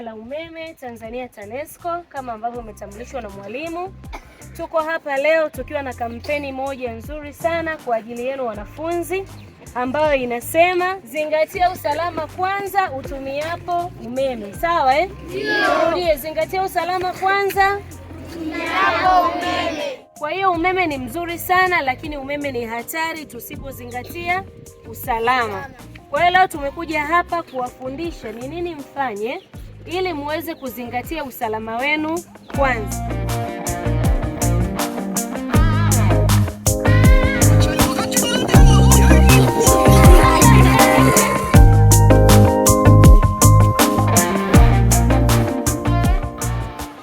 shirika la umeme Tanzania TANESCO kama ambavyo umetambulishwa na mwalimu. Tuko hapa leo tukiwa na kampeni moja nzuri sana kwa ajili yenu wanafunzi, ambayo inasema zingatia usalama kwanza utumiapo umeme. Sawa eh? Ndio. Zingatia usalama kwanza utumiapo umeme. Kwa hiyo umeme ni mzuri sana, lakini umeme ni hatari tusipozingatia usalama. Kwa hiyo leo tumekuja hapa kuwafundisha ni nini mfanye ili muweze kuzingatia usalama wenu kwanza.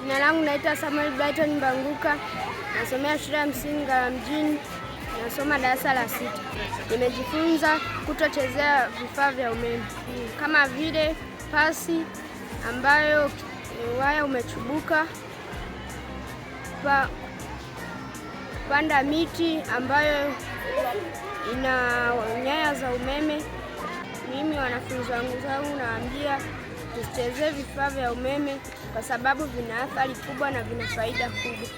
Jina langu naitwa Samuel Brighton Mbanguka, nasomea shule ya msingi Ngara mjini, nasoma darasa la sita. Nimejifunza kutochezea vifaa vya umeme kama vile pasi ambayo waya umechubuka, pa, panda miti ambayo ina nyaya za umeme. Mimi wanafunzi wangu zangu naambia tuchezee vifaa vya umeme kwa sababu vina athari kubwa na vina faida kubwa.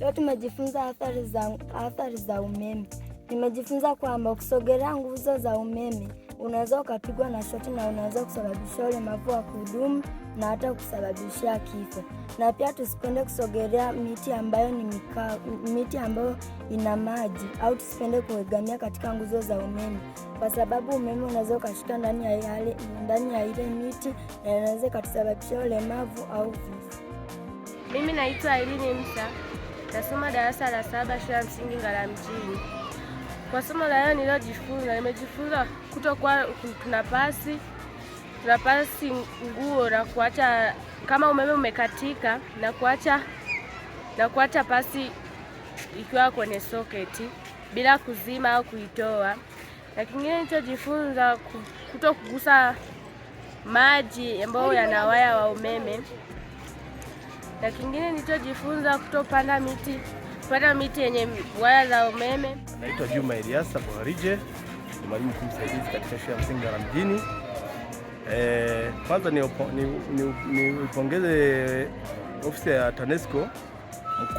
Leo tumejifunza athari za, athari za umeme. Nimejifunza kwamba ukisogelea nguzo za umeme unaweza ukapigwa na shoti na unaweza kusababisha ulemavu wa kudumu na hata kusababisha kifo. Na pia tusipende kusogelea miti ambayo ni mika, miti ambayo ina maji au tusipende kuegamia katika nguzo za umeme, kwa sababu umeme unaweza ukashika ndani ya yale, ndani ya ile miti na inaweza ikatusababishia ulemavu au kifo. Mimi naitwa Irene Msa, nasoma darasa la saba shule ya msingi Ngara mjini. Kwa somo la leo niliojifunza nimejifunza kutokuwa tunapasi tunapasi nguo na kuacha kama umeme umekatika na kuacha na kuacha pasi ikiwa kwenye soketi bila kuzima au kuitoa. Na kingine nilichojifunza kuto kugusa maji ambayo yana waya wa umeme. Na kingine nilichojifunza kutopanda miti kupanda miti yenye waya za umeme. Naitwa Juma Eliasa Bwarije, ni mwalimu mkuu msaidizi katika shule ya msingi Ngara mjini. E, eh, kwanza niipongeze ni, ni, ni ofisi ya TANESCO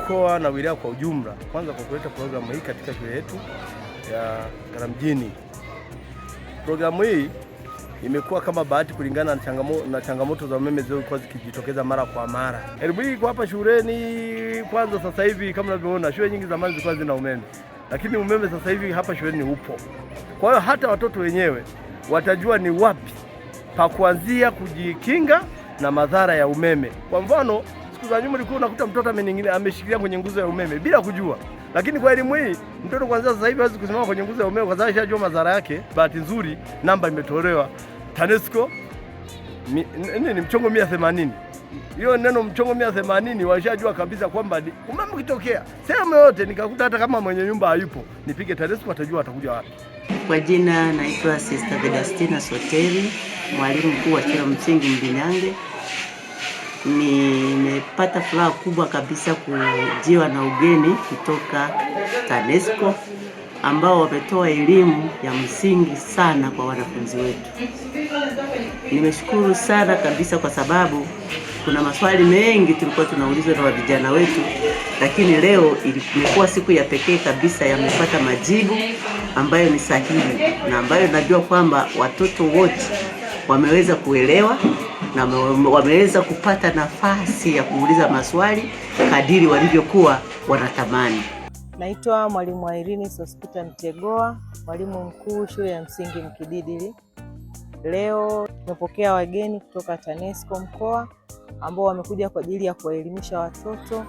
mkoa na wilaya kwa ujumla, kwanza kwa kuleta programu hii katika shule yetu ya Ngara mjini. Programu hii imekuwa kama bahati kulingana na changamoto, na changamoto za umeme zilizokuwa zikijitokeza mara kwa mara. Elimu hii iko hapa shuleni kwanza. Sasa hivi kama unavyoona, shule nyingi zamani zilikuwa zina umeme, lakini umeme sasa hivi hapa shuleni upo. Kwa hiyo hata watoto wenyewe watajua ni wapi pa kuanzia kujikinga na madhara ya umeme. Kwa mfano, siku za nyuma ulikuwa unakuta mtoto ameshikilia kwenye nguzo ya umeme bila kujua lakini kwa elimu hii mtoto kwanza sasa hivi hawezi kusimama kwenye nguzo ya umeme kwa sababu ashajua madhara yake. Bahati nzuri namba imetolewa. TANESCO ni mchongo mia themanini. Hiyo neno mchongo mia themanini washajua kabisa kwamba umeme ukitokea sehemu yote, nikakuta hata kama mwenye nyumba hayupo, nipige TANESCO, atajua atakuja wapi. Kwa jina naitwa Sister Vedastina Soteri, mwalimu mkuu wa shule msingi Mbinyange. Nimepata furaha kubwa kabisa kujiwa na ugeni kutoka TANESCO ambao wametoa elimu ya msingi sana kwa wanafunzi wetu. Nimeshukuru sana kabisa kwa sababu kuna maswali mengi tulikuwa tunaulizwa na vijana wetu, lakini leo imekuwa siku ya pekee kabisa, yamepata majibu ambayo ni sahihi na ambayo najua kwamba watoto wote wameweza kuelewa na wameweza kupata nafasi ya kuuliza maswali kadiri walivyokuwa wanatamani. Naitwa mwalimu Irene Sospita Mtegoa, mwalimu mkuu shule ya msingi Mkididili. Leo tumepokea wageni kutoka TANESCO mkoa ambao wamekuja kwa ajili ya kuwaelimisha watoto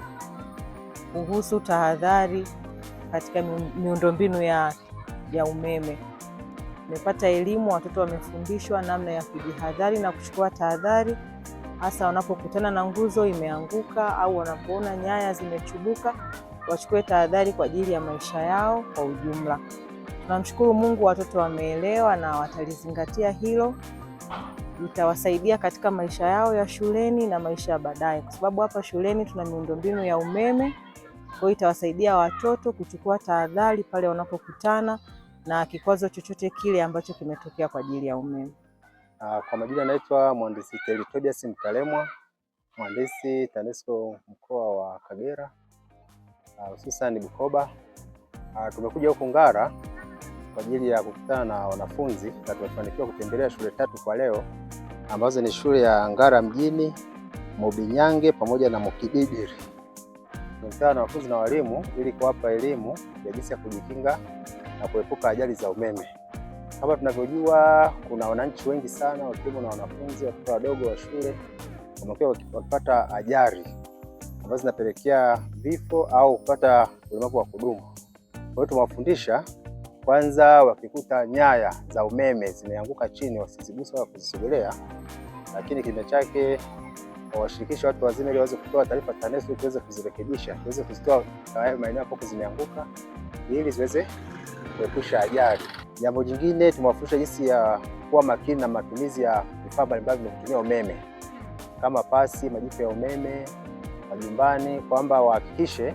kuhusu tahadhari katika miundombinu ya, ya umeme. Tumepata elimu, watoto wamefundishwa namna ya kujihadhari na kuchukua tahadhari hasa wanapokutana na nguzo imeanguka au wanapoona nyaya zimechubuka wachukue tahadhari kwa ajili ya maisha yao kwa ujumla. Tunamshukuru Mungu, watoto wameelewa na watalizingatia hilo, litawasaidia katika maisha yao ya shuleni na maisha ya baadaye, kwa sababu hapa shuleni tuna miundombinu ya umeme. Kwa hiyo itawasaidia watoto kuchukua tahadhari pale wanapokutana na kikwazo chochote kile ambacho kimetokea kwa ajili ya umeme. Ah, kwa majina anaitwa mhandisi Teli Mtalemwa, Mkalemwa, mhandisi TANESCO mkoa wa Kagera hususani uh, Bukoba. Uh, tumekuja huku Ngara kwa ajili ya kukutana na wanafunzi na tumefanikiwa kutembelea shule tatu kwa leo ambazo ni shule ya Ngara mjini, Mubinyange pamoja na Mukididiri. Tumekutana na wanafunzi na walimu ili kuwapa elimu ya jinsi ya kujikinga na kuepuka ajali za umeme. Kama tunavyojua kuna wananchi wengi sana wakiwemo na wanafunzi, watoto wadogo wa shule wamekuwa wakipata ajali ambazo zinapelekea vifo au kupata ulemavu wa kudumu. Kwa hiyo tumewafundisha kwanza, wakikuta nyaya za umeme zimeanguka chini wasizigusa wala kuzisogelea, lakini kinyume chake washirikishe watu wazima ili waweze kutoa taarifa TANESCO tuweze kuzirekebisha, tuweze kuzitoa hayo maeneo ambapo zimeanguka ili ziweze kuepusha ajali. Jambo jingine tumewafundisha jinsi ya kuwa makini na matumizi ya vifaa mbalimbali vinavyotumia umeme kama pasi, majiko ya umeme majumbani kwamba wahakikishe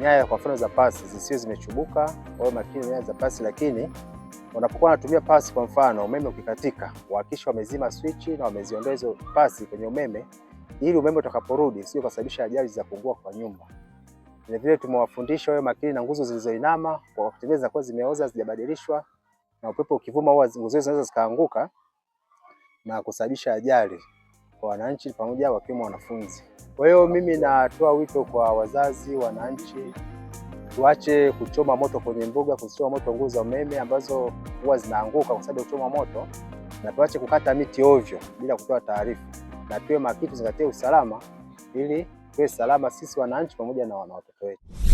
nyaya kwa mfano za pasi zisiwe zimechubuka, wawe makini nyaya za pasi. Lakini wanapokuwa wanatumia pasi, kwa mfano umeme ukikatika, wahakikishe wamezima swichi na wameziondoa hizo pasi kwenye umeme, ili umeme utakaporudi sio kusababisha ajali za kuungua kwa nyumba. vile tumewafundisha wawe makini na nguzo zilizoinama, kwa wakati zinakuwa zimeoza zijabadilishwa na upepo ukivuma, huwa nguzo zinaweza zikaanguka na kusababisha ajali kwa wananchi pamoja wakiwemo wanafunzi. Kwa hiyo mimi natoa wito kwa wazazi, wananchi, tuache kuchoma moto kwenye mbuga, kuzichoma moto nguzo za umeme ambazo huwa zinaanguka kwa sababu ya kuchoma moto, na tuache kukata miti ovyo bila kutoa taarifa, na tuwe makini, tuzingatie usalama ili tuwe salama sisi wananchi pamoja na watoto wetu.